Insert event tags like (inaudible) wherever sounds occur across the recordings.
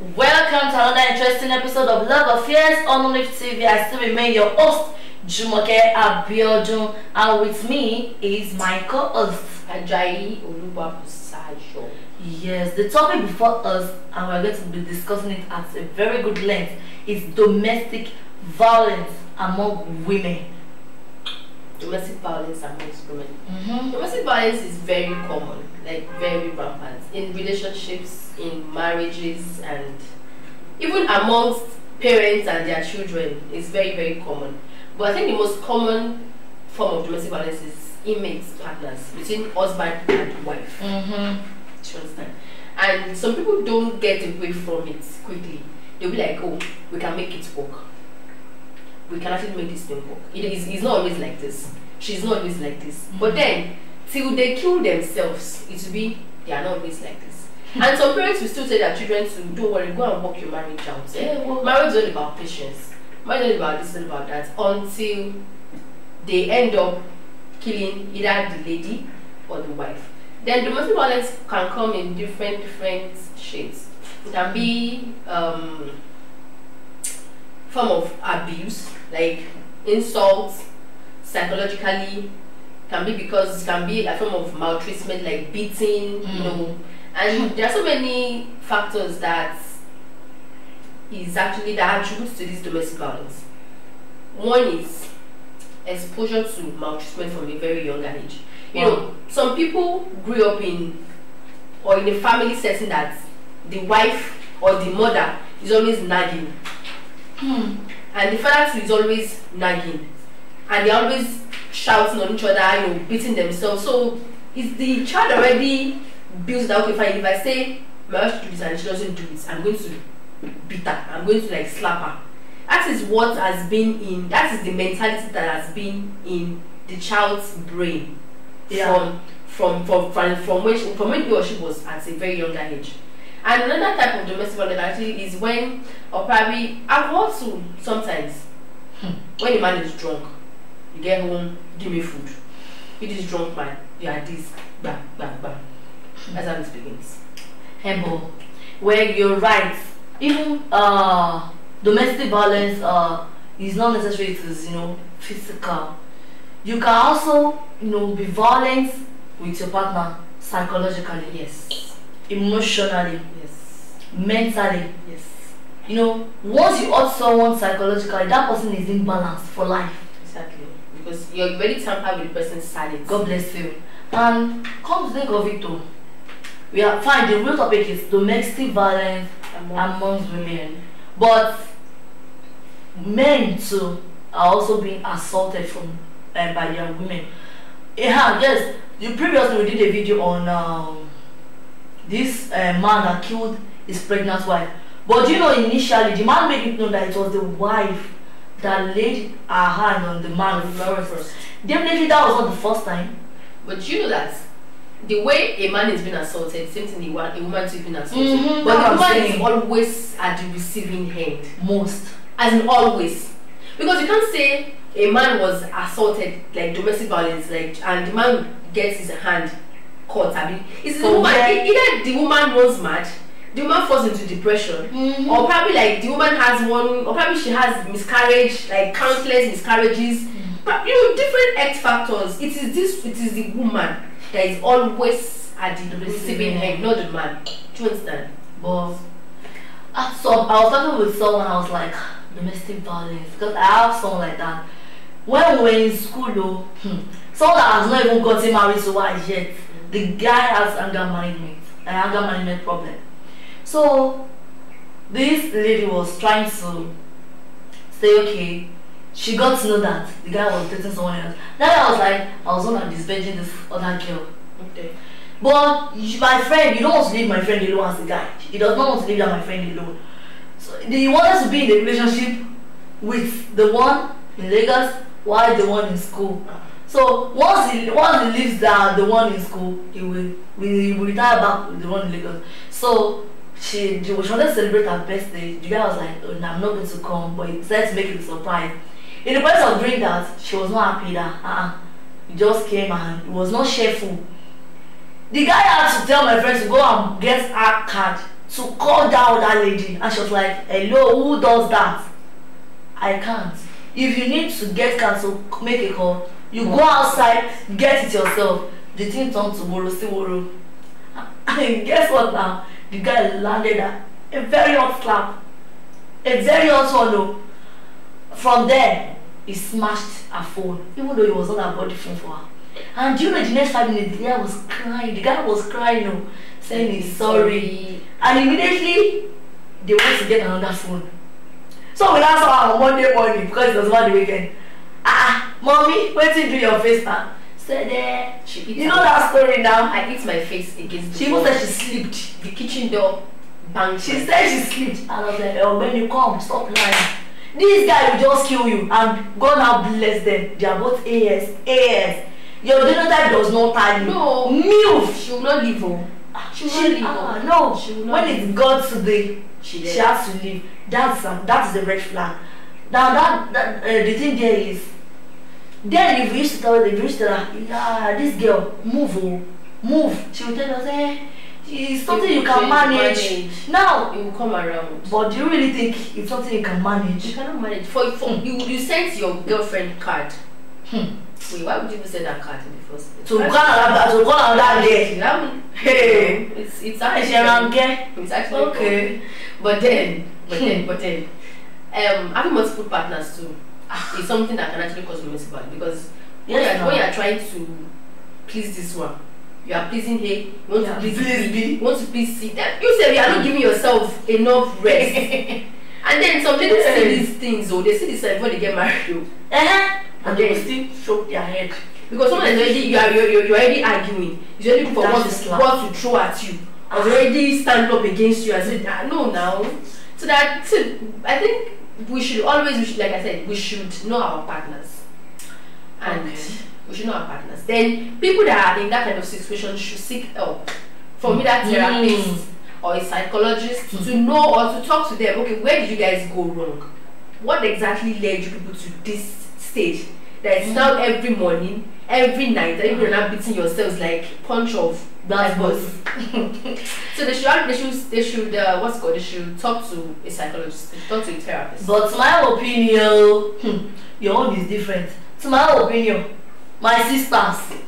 Welcome to another interesting episode of Love Affairs on Olive TV. I still remain your host, Jumoke Abiodun, and with me is my co-host, Ajayi Oluwabusayo. Yes, the topic before us, and we're going to be discussing it at a very good length, is domestic violence among women. domestic violence amongst women. Mm -hmm. Domestic violence is very common, like very rampant in relationships, in marriages, and even amongst parents and their children. It's very, very common. But I think the most common form of domestic violence is intimate partners between husband and wife. Mm -hmm. Do you understand? And some people don't get away from it quickly. They'll be like, oh, we can make it work we can actually make this thing work. It is it's not always like this. She's not always like this. Mm -hmm. But then, till they kill themselves, it will be they are not always like this. and some parents will still tell their children to don't worry, go and work your marriage out. Eh, well, marriage is all about patience. Marriage is about this all about that until they end up killing either the lady or the wife. Then domestic violence can come in different different shades. It can be um, form of abuse, like insults, psychologically, can be because can be a form of maltreatment, like beating, mm. you know. And there are so many factors that is actually that attributes to this domestic violence. One is exposure to maltreatment from a very young age. You wow. know, some people grew up in or in a family setting that the wife or the mother is always nagging Hmm. And the father is always nagging. And they're always shouting on each other, you know, beating themselves. So is the child already built that okay fine if I say my wife should do this and she doesn't do it, I'm going to beat her, I'm going to like slap her. That is what has been in that is the mentality that has been in the child's brain yeah. from from from from, from when she, from when he or she was at a very younger age. And another type of domestic violence is when, or probably I've also sometimes. Hmm. When a man is drunk, you get home, give me food. It is drunk man, you are this, bam, bam, bam. Hmm. That's how this begins. Hembo, where you're right. Even uh, domestic violence uh, is not necessarily it is, you know, physical. You can also, you know, be violent with your partner psychologically. Yes. emotionally, yes. mentally. Yes. You know, once you hurt someone psychologically, that person is imbalanced for life. Exactly. Because you're very tampered with the person's silence. God bless you. And come to think of it too. We are fine, the real topic is domestic violence among, amongst women. But men too are also being assaulted from uh, by their women. Yeah, yes, you previously we did a video on um, this uh, man that killed his pregnant wife. But you know, initially, the man made it known that it was the wife that laid her hand on the man with Lawrence first. Definitely, that was not the first time. But you know that the way a man is being assaulted, same thing the a woman is being assaulted. Mm -hmm, but the woman is always at the receiving end. Most. As in always. Because you can't say a man was assaulted, like domestic violence, like and the man gets his hand court. I mean, it's the woman. Either the woman runs mad, the woman falls into depression, mm-hmm. or probably like the woman has one, or probably she has miscarriage, like countless miscarriages. Mm-hmm. But you know, different X factors. It is this. It is the woman that is always at the receiving end, not the man. Do you understand? But uh, ah, so I was talking with someone. I was like domestic violence because I have someone like that. When we were in school, though, hmm, someone that has not even gotten married to us yet the guy has anger management, uh, anger management problem. So this lady was trying to say, okay, she got to know that the guy was dating someone else. Then I was like, I was not disbanding this other girl. Okay. But my friend, you don't want to leave my friend alone as a guy. He does not want to leave that my friend alone. So he wanted to be in a relationship with the one in Lagos while the one in school. So once he once he leaves the the one in school, he will he will retire back with the one in Lagos. So she she was wanted to celebrate her birthday. The guy was like, oh, I'm not going to come, but he decided to make it a surprise. In the place of doing that, she was not happy that uh-uh, he just came and he was not cheerful. The guy had to tell my friend to go and get her card to call down that lady and she was like, hello, who does that? I can't. If you need to get cancelled, make a call you go outside get it yourself the thing turn to woro sí woro (laughs) and guess what now the guy landed a, very hot slap a very hot one o oh. from there he smashed her phone even though he was not her phone for her and do you know the next five minutes the guy was crying the guy was crying o oh. saying he's sorry and immediately they went to get another phone so we now saw her on Monday morning because it was about the weekend ah Mommy, waiting do your face now. Stay there. She you know that story now? I hit my face against the wall. She even said she slipped. The kitchen door banged. She said she slipped. And I was like, oh, when you come, stop lying. This guy will just kill you and God now bless them. They are both AS. AS. Your genotype does not tally. No. MILF. She will not leave home. Oh. Ah, she will she, not leave ah, oh. No. She will not when leave. it's God's day, she, she has to leave. That's um, that's the red flag. Now that, that uh, the thing there is Then if we used to tell if we used to tell nah, this girl, move, oh, move, she will tell us, eh, it's something you can manage. manage. Now it will come around. But do you really think it's something you can manage? You cannot manage. For, for hmm. you, you sent your girlfriend card. Hmm. Wait, why would you even send that card in the first place? To go around, to go around that day. hey, it's it's actually it's actually okay. But then, but then, hmm. but then, um, having multiple partners too. Ah. is something that can actually cause domestic violence because when you are trying to please this one you are pleasing A, you want yeah. to please, please B, you want to please C. That you say you are not giving yourself enough rest. (laughs) and then some people say these things, or oh, they see this before they get married. Oh. Uh-huh. And they still show their head. Because sometimes already you are you're, you're, you're already arguing. You're already for what to, what to throw at you. Or ah. already stand up against you and say, ah, no now. So that so I think we should always, we should, like I said, we should know our partners. And okay. we should know our partners. Then people that are in that kind of situation should seek help from either that mm. therapist or a psychologist mm. to know or to talk to them. Okay, where did you guys go wrong? What exactly led you people to this stage? that it's mm. now every morning, every night, that you're not beating yourselves like punch of that's both. (laughs) so they should they should they should uh, what's called they should talk to a psychologist, talk to a therapist. But to my opinion, (laughs) your own is different. To my opinion, my sisters,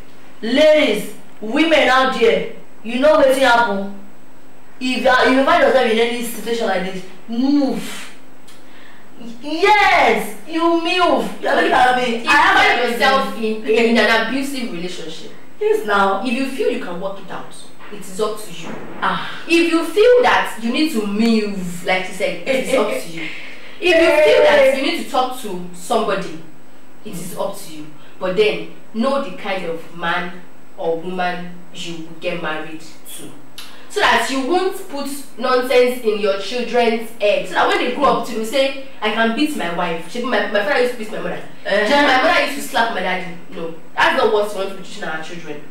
ladies, women out there, you know wetin happen. If you, if you find yourself in any situation like this, move. Yes, you move. You're looking at me. I have myself in, in an abusive relationship. Yes, now, if you feel you can work it out, it is up to you. Ah. If you feel that you need to move, like you said, it is up to you. If you feel that you need to talk to somebody, it is up to you. But then, know the kind of man or woman you will get married to. So that you won't put nonsense in your children's head. So that when they grow up to say, I can beat my wife. My, my father used to beat my mother. Uh eh. -huh. My mother used to slap my daddy. No. know what you want to teach our children.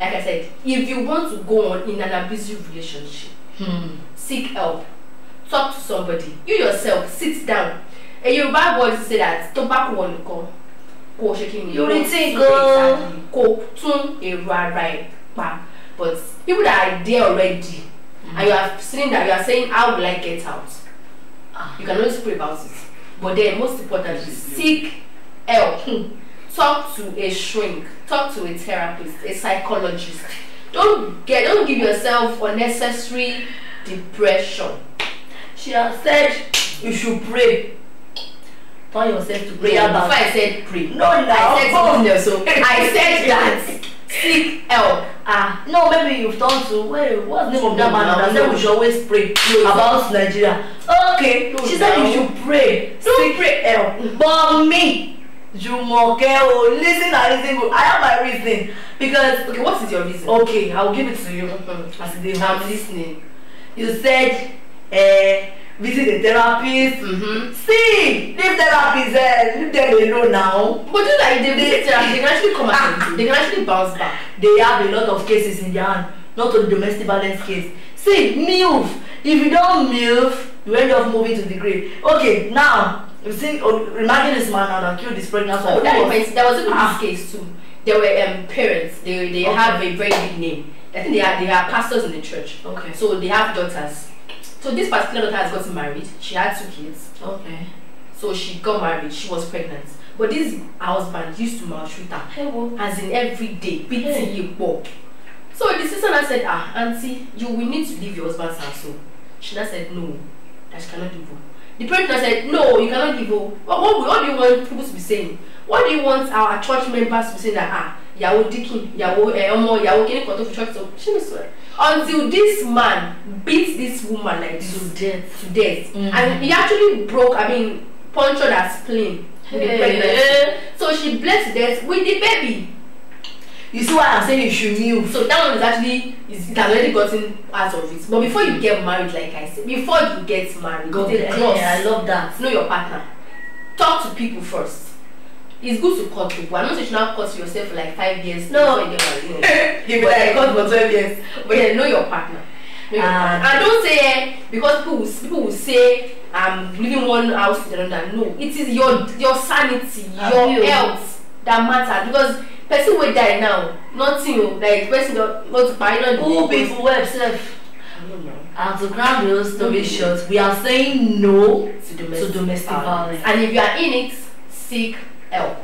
Like I said, if you want to go on in an abusive relationship, hmm. seek help. Talk to somebody. You yourself, sit down. and A Yoruba boy say that, tó bá kú wọn nìkan, kò ṣe kí pa. But people that are there already, mm. and you hmm. are seeing that you are saying, how will I get out? Ah. You can always pray about it. But then, most importantly, seek help. Hmm talk to a shrink talk to a therapist a psychologist don't get don't give yourself unnecessary depression she has said you should pray turn yourself to prayer yeah, before i said pray no na i said oh. goodness o i said that seek help ah no maybe you turn to wait what's the name of that man that say we should always pray no, about nigeria okay no, she said you should pray seek help but me You oh, listen and listen. good. I have my reason because okay, what is your reason? Okay, I will give it to you. Mm-hmm. As the I'm listening. You said, eh, visit the therapist. Mm-hmm. See, leave therapist eh, leave them alone now. But you like they visit therapist, they can actually come back. They can actually bounce back. They have a lot of cases in their hand, not only domestic violence case. See, move. If you don't move, you end up moving to the grave. Okay, now You see, oh, imagine this man now that killed this pregnant woman. Oh, that There was a ah. case too. There were um, parents. They they okay. have a very big name. I think they are they are pastors in the church. Okay. So they have daughters. So this particular daughter has gotten married. She had two kids. Okay. So she got married. She was pregnant. But this husband used to maltreat her, hey, well. as in every day beating hey. you up. So the sister said, Ah, auntie, you will need to leave your husband's house. So she now said no, that she cannot do. It. The president said, No, you cannot give up. What, what, what do you want people to be saying? What do you want our church members to be saying that, ah, Yahweh Dickin, Yahweh Elmo, Yahweh Kenny Koto for church? So, she was Until this man beat this woman like this to death. To death. Mm-hmm. And he actually broke, I mean, punctured her spleen. Hey. So she blessed death with the baby you see why i'm saying you should kneel so that one is actually is, it has already gotten out of it but before you get married like i said before you get married go dey close yeah, i love that know your partner talk to people first it's good to cut people i know say you should not cut yourself for like five years no. before you get married no (laughs) you be like cut for twelve years but yeah know your partner know your um, partner and don't say eh, because people will people will say i'm living one house with another no it is your your sanity your health that matter because person wey die now nothing o like person don go to pari don dey. who be who web sef. And to ground the whole story short, we are saying no to domestic, to domestic violence. violence. And if you are in it, seek help.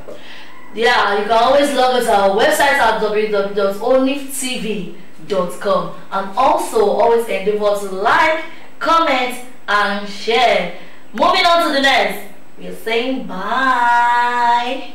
Yeah, you can always log us our website at www.oniftv.com and also always endeavor to like, comment, and share. Moving on to the next, we are saying bye.